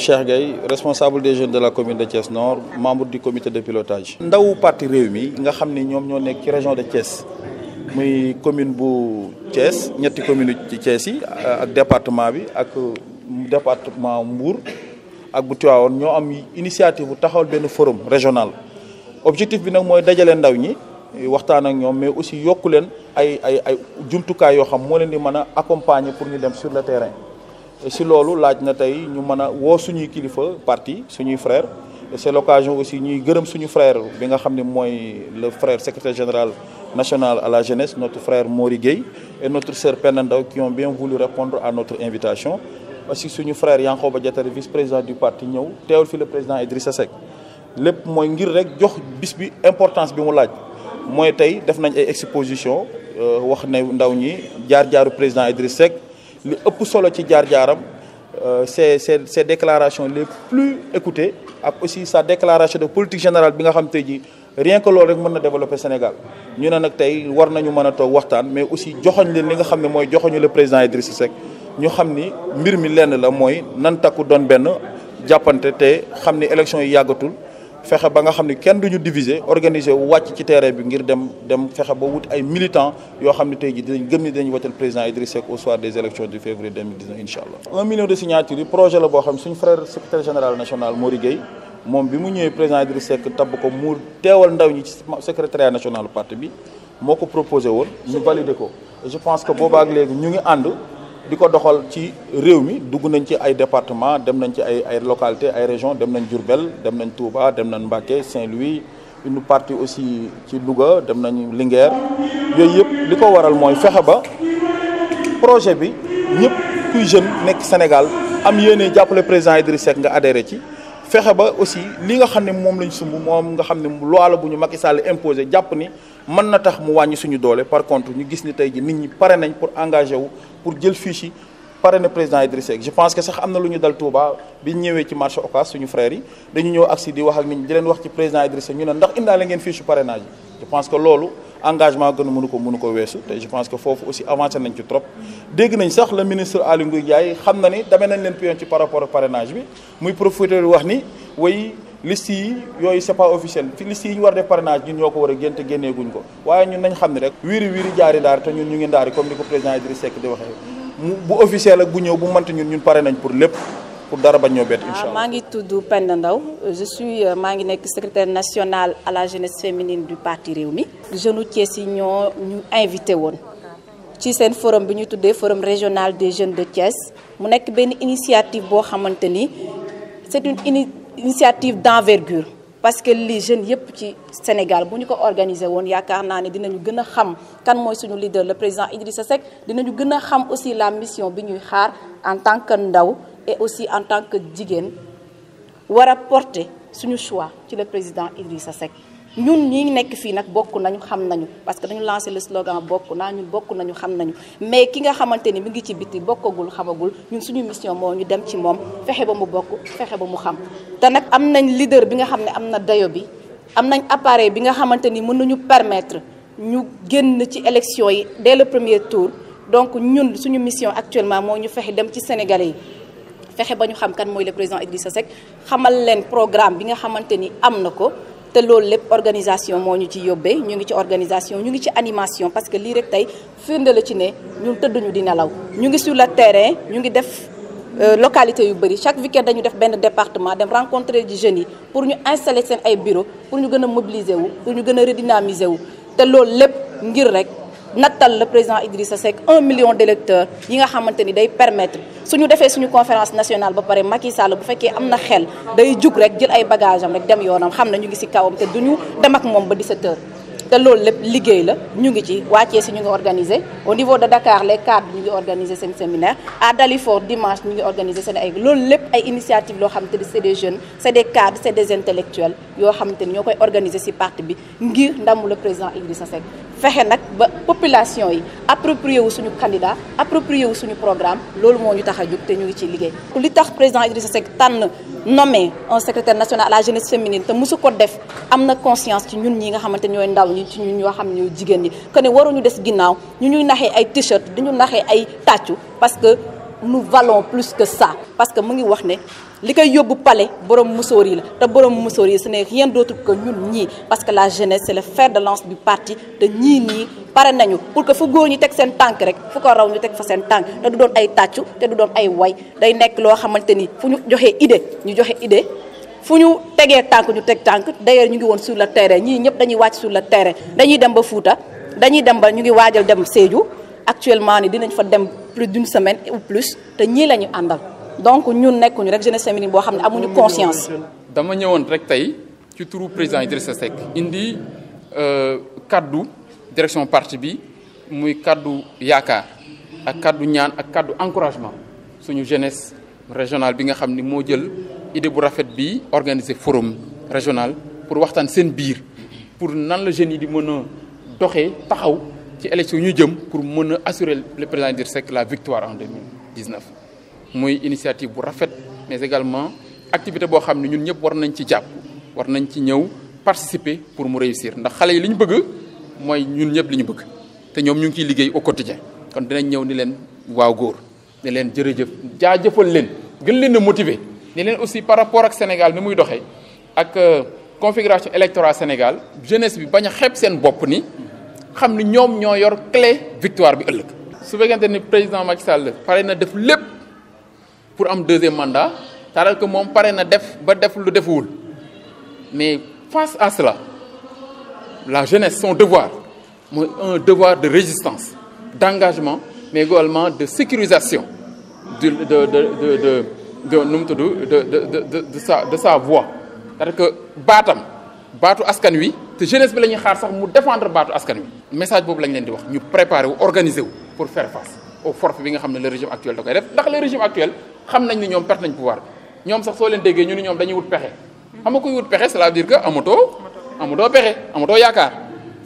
Cheikh Gueye responsable des jeunes de la commune de Thiès Nord membre di comité de pilotage. ndaw parti mi nga xam ni ñoom ñoo nekk ci région de Thiès muy commune bu Thiès ñetti commune ci Thiès yi ak département bi ak département Mbour ak bu Tivaouane ñoo am initiative bu taxawal benn forum régional objectif bi nag mooy dajale ndaw ñi. waxtaan ak ñoom mais aussi yokku leen ay ay ay jumtukaay yoo xam moo leen di mën a accompagner pour ñu dem sur le terrain. si loolu laaj na tey ñu mën a woo suñuy kilifa parti suñuy frère et c'est l'occasion aussi ñuy gërëm suñu frère bi nga xam ne mooy le frère secretaire général national à la jeunesse notre frère Mori Gueye et notre sœur Penda Ndaw qui ont bien voulu répondre à notre invitation aussi suñu frère Yankhoba Diattara vice-président du parti ñëw teewal fi le président Idrissa Seck lépp mooy ngir rek jox bis bi importance bi mu laaj mooy tey def nañ ay exposition euh, wax ne ndaw ñi jaar-jaaru président Idrissa Seck li ëpp solo ci jaar-jaaram euh, c'est c'est ses déclarations le plus écoutées ak aussi sa déclaration de politique générale bi nga xam tey ji rien que rek mën na développer Sénégal ñu ne nag tey war nañu mën a toog waxtaan mais aussi joxoñ leen li nga xam ne mooy joxoñu le président Idrissa Seck ñu xam ni mbir mi lenn la mooy nan takku doon benn jàppante te xam ni élection yi yàggatul fexe ba nga xam ne kenn duñu diviser organiser wu wàcc ci terrain bi ngir dem dem fexe ba wut ay militants yoo xam ne tey jii dinañ gëm ni dañu wàccal président Idriss Seck au soir des élections du février 2019 incha allah. un la boo xam ne suñu frère secrétaire général national Mori Gueye moom bi mu ñëwee président Idriss Seck tabb ndaw ñi ci secrétariat national parti bi moo ko proposé woon ñu validé ko je pense que boobaa ak léegi ñu ngi ànd. di ko doxal ci réew mi dugg nañ ci ay département dem nañ ci ay ay localité ay région dem nañ Diourbel dem nañ Touba dem nañ Mbacké Saint-Louis une partie aussi ci Louga dem nañ Linguère yooyu yëpp li ko waral mooy fexe ba projet bi ñëpp kuy nekk Sénégal am yéene jàppale président Idriss Seck nga adhéré ci fexe ba aussi li nga xam ne moom lañ sumb moom nga xam ne loi la bu ñu Macky Sall imposé jàpp ni mën na tax mu wàññi suñu doole par contre ñu gis ni tey ji nit ñi pare nañ pour engagé wu pour jël fiche parrainé président Idrissa Seck je pense que sax am na lu ñu dal Touba bi ñu ñëwee ci marché Ocass suñu frères yi dañu ñëw agsi di wax ak nit wax ci président Idrissa ñu ne ndax indaale ngeen fiche parrainage je pense que loolu engagement gën a mënu ko mënu ko weesu te je pense que foofu aussi avancé nañ ci trop dégg nañ sax le ministre Aly Ngouille Ndiaye xam na ni damee nañ leen pion ci par rapport ak parrainage bi muy profité wax ni way liste yi yooyu c'est pas officiel fi a génte génneeguñ ko mu bu officiel ak bu ñëw bu mënti ñun ñun pare nañ pour lépp pour dara bañ ñoo bett incha ah, maa ngi tudd Penda Ndaw je euh, maa ngi nekk secretaire national à la jeunesse féminine du parti Rewmi. jeunes Thiès yi ñoo ñu invité woon ci seen forum bi ñuy tuddee forum régional des jeunes de Thiès mu nekk benn initiative boo xamante ni c'est une initiative d'envergure. parce que lii jeunes yëpp ci Sénégal bu ñu ko organisé woon yaakaar naa ne dinañu gën a xam kan mooy suñu leader le président sa sec dinañu gën a xam aussi la mission bi ñuy xaar en tant que ndaw et aussi en tant que jigéen war a suñu choix ci le président sa Seck ñun ñi nekk fii nag bokk nañu xam nañu parce que dañu lancé le slogan bokk naa ñun bokk nañu xam nañu mais ki nga xamante ni mu ngi ci biti bokkagul xamagul ñun suñu mission moo ñu dem ci moom fexe ba mu bokk fexe ba mu xam te nag am nañ leader bi nga xam ne am na dayo bi am nañ appareil bi nga xamante ni mën nañu permettre ñu génn ci élection yi dès le premier donc ñun suñu mission actuellement moo ñu fexe dem ci Sénégalais yi fexe ba ñu xam kan mooy le président Idrissa Seck xamal leen programme bi nga xamante ni am na ko te loolu lépp organisation moo ñu ci yóbbee ñu ngi ci organisation ñu ngi ci animation parce que lii rek tey firnde la ci ne ñun tëdduñu di nelaw ñu ngi sur le terrain ñu ngi def euh, localité yu bari chaque week-end dañu def benn département dem rencontrer ji jeunes yi pour ñu installer seen ay bureau pour ñu gën a mobiliser wu pour ñu gën a redynamiser wu te loolu lépp ngir rek nattal la président Idrissa Seck un million d'électeurs yi nga xamante ni day permettre su ñu defee suñu conférence nationale ba pare Macky Sall bu fekkee am na xel day jug rek jël ay bagages am rek dem yoonam xam na ñu ngi ci kawam te duñu dem ak moom ba 17 heures te loolu lépp liggéey la ñu ngi ci wàccee si ñu ngi organisé au niveau de Dakar les cadres ñu ngi organisé seen séminaire à Dalifort dimanche ñu ngi organisé seen ay loolu lépp ay initiative loo xamante ni c'est des jeunes c'est des cadres c'est des intellectuels koy organisé si parti bi ngir ndamu le président Idrissa Seck fexe nag ba population yi approprié wu suñu candidat approprié wu suñu programme loolu moo ñu tax a jóg te ñu ngi ciy liggéey. li tax président Idrissa Seck tànn nommé un secrétaire national à la jeunesse féminine te mosu ko def am na conscience ci ñun ñi nga xamante ñooy ndaw ñi ci ñun ñoo xam ne ñooy jigéen ñi que ne waruñu des ginnaaw ñu ñuy naxee ay t-shirt di ñu naxee ay tàccu parce que. nous valons plus que ça parce que mu ngi wax ne li koy yóbbu pale borom musóor yi la te borom musóor yi ce n'est rien dootu ko ñun ñii parce que la jeunesse c'est le fer de lance du parti te ñii nii pare nañu pour que fu góor ñi teg seen tànk rek fu ko raw ñu teg fa seen tànk te du doon ay tàccu te du doon ay way day nekk loo xamante ni fu ñu joxee idée ñu joxe idée fu ñu tegee tànk ñu teg tànk d'ailleurs ñu ngi woon sur le terrain ñii ñëpp dañuy wàcc sur le terrain dañuy dem ba Fuuta dañuy dem ba ñu ngi waajal dem Sédhiou actuellement ni dinañ fa dem plus d'une semaine ou plus te ñii la ñu àndal donc ñun nekkuñu rek jeunesse féminine boo xam ne amuñu conscience. dama ñëwoon rek tey ci turu président Idrissa Seck. indi euh, kaddu direction parti bi muy kaddu yaakaar ak kàddu ñaan ak kaddu encouragement suñu jeunesse régionale bi nga xam ni moo jël idée bu rafet bi organiser forum régional pour waxtaan seen biir pour nan la jeunes yi di mën a doxee taxaw. ci élection ñu jëm pour mu mën a assurer le président Idrissa Seck la victoire en 2019 muy initiative bu rafet mais également activité boo xam ne ñun ñëpp war nañ ci jàpp war nañ ci ñëw participer pour mu réussir ndax xale yi li ñu bëgg mooy ñun ñëpp li ñu bëgg te ñoom ñu ngi ciy liggéey au quotidien kon dinañ ñëw ni leen waaw góor ne leen jërëjëf jaajëfal leen gën leen a motiver ni leen aussi par rapport ak Sénégal ni muy doxee ak euh, configuration électorale Sénégal jeunesse bi bañ a xeeb seen bopp ni xam ni ñoom ñoo yor clé victoire bi ëllëg. su fekkente ni président Macky Sall pare na def lépp pour am deuxième mandat cest à que moom pare na def ba def lu defuwul mais face à cela la jeunesse son devoir mooy un devoir de résistance d'engagement mais également de sécurisation du de de de de de nu mu sa de sa voix cest que baatam baatu askan wi. te jeunesse bi la ñuy xaar sax mu défendre baatu askan wi message boobu lañ leen di wax ñu préparer wu organiser wu pour faire face au forfait bi nga xam ne le régime actuel da koy def ndax le régime actuel xam nañ ni ñoom perte nañ pouvoir bi ñoom sax soo leen déggee ñu ni ñoom dañuy wut pexe xam nga kuy wut pexe c'est-à-dire que amatoo amatoo pexe amatoo yaakaar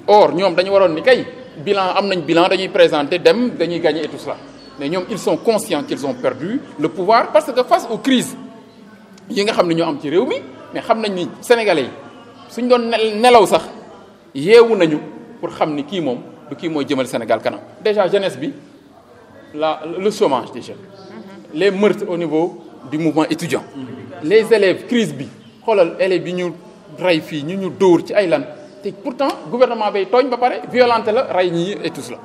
or ñoom dañu waroon ni kay bilan am nañ bilan dañuy présenter dem dañuy gaañ et tout cela mais ñoom ils sont conscients qu'ils ont perdu le pouvoir que face aux crises yi nga xam ne ñoo am ci réew mi mais xam nañ ni sénégalais yi suñ doon nelaw sax yeewu nañu pour xam ni kii moom du kii mooy jëmal Sénégal kanam déjà jeunesse bi la le chômage des jeunes mm-hmm. les meurtres au niveau du mouvement étudiant les élèves crise bi xoolal élèves bi ñu rey fii ñu ñu dóor ci ay lan te pourtant gouvernement bay tooñ ba pare violenté la rey ñi et tout cela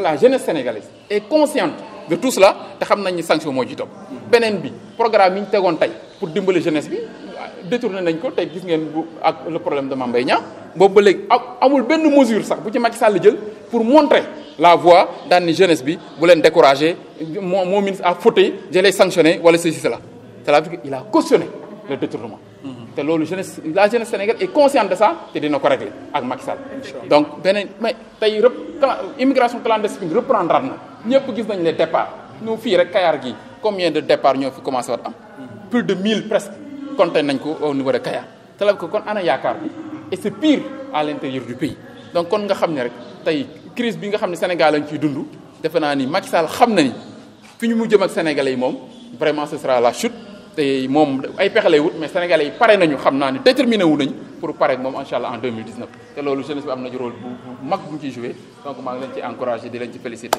la jeunesse sénégalaise et consciente de tous la te xam nañ ni sanction mooy ci topp mm-hmm. beneen bi programme yi ñu tegoon tey pour dimbali jeunesse bi détourné nañ ko tey gis ngeen bu ak le problème de Mame Mbaye Niang boobu ba léegi amul benn mesure sax bu ci Macky Sall jël pour montrer la voie daan ni jeunesse bi bu leen découragé moo moo ministre à fauté je les sanctionné wala ceci cela cela veut dire il a cautionné le détournement mm-hmm. te loolu jeunesse la jeunesse sénégalaise est consciente de ça te dina ko régler ak Macky Sall donc beneen mais tey immigration clandestine reprendre na ñëpp gis nañ les départs ñu fii de départs fi commencé war am mm-hmm. plus kon compté nañ ko au niveau de Kayar c'est-à-dire kon ana yaakaar bi et c'est pire à pays donc kon nga xam ne rek tey crise bi nga xam ne Sénégal lañ ciy dund defe naa ni Macky Sall xam na ni fi ñu mu jëm ak sénégalais yi moom vraiment ce la chute te moom ay pexe lay wut mais sénégalais yi pare nañu xam naa ni déterminé wu nañ pour pare ak moom incha allah en 2019 te loolu jeunesse bi am na rôle bu mag bu ñu ciy joué donc maa ngi leen ci encouragé di leen ci félicité.